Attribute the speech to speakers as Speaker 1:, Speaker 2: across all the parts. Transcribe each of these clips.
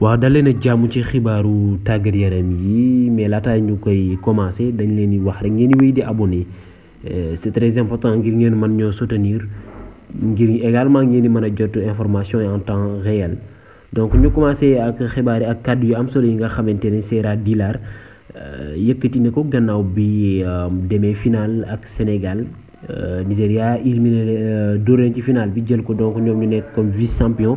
Speaker 1: waaw da leen a jàmm ci xibaaru tàggat yaram yi mais laata ñu koy commencé dañ leen di wax rek ngeen di wéy di abonné euh, c'est très important ngir ngeen mën ñoo soutenir ngir également ngeen di mën a jot information en temps réel donc ñu commencé ak xibaar yi ak kàddu yu am solo yi nga xamante ne Sera Dilar euh, yëkkati na ko gannaaw bi euh, demee final ak Sénégal Nigéria éliminé dóor leen ci final bi jël ko donc ñoom ñu nekk comme vice champion.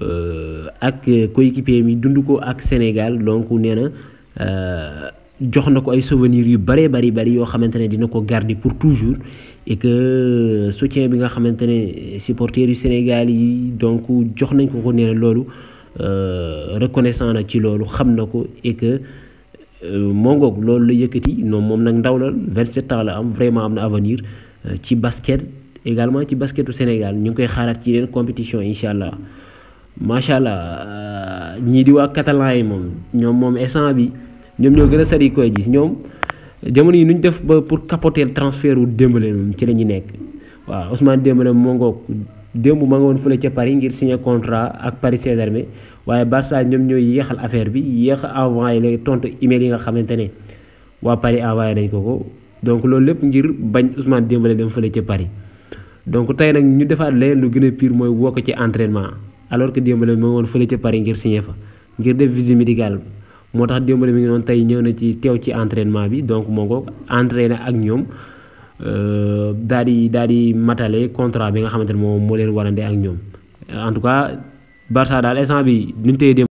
Speaker 1: Euh, ak coéquipier mi dund ko ak Sénégal donc nee na euh, jox na ko ay souvenirs yu bëree bari bari yoo xamante ne dina ko garder pour toujours et que euh, soutien bi nga xamante ne supporters yu Sénégal yi donc jox nañ ko ko nee na loolu reconnaissant na ci loolu xam na ko et que moo ngoog loolu la yëkkati noonu moom nag ndaw la 27 ans la am vraiment am na avenir ci basket également ci basketu Sénégal ñu ngi koy xaaraat ci yeneen compétition incha allah macha allah euh, ñii di wa catalan yi moom ñoom moom instant bi ñoom ñoo gën a sari koy gis ñoom jamono yi nuñ def ba pour capoter transfert wu Dembélé moom ci la ñu nekk waaw Ousmane Dembélé moo ngoog démb ma nga woon fële ca Paris ngir signer contrat ak Paris Saint-Germain waaye Barça ñoom ñooy yéexal affaire bi yéex avant envoyé la tontu email yi nga xamante ne waa Paris envoyé nañ ko ko donc loolu lépp ngir bañ Ousmane Dembélé dem fële ca Paris donc tey nag ñu defaat leneen lu gën a pire mooy woo ko ci entraînement. alors que Dembélé moo woon fële ca Paris ngir signé fa ngir def visite médicale moo tax Dembélé mi ngi noonu tey ñëw na ci teew ci entraînement bi donc moo ko entraîné ak ñoom euh, daal di daal di matale contrat bi nga xamante ne moom moo leen warande ak ñoom en tout cas Barça daal instant bi nuñ téye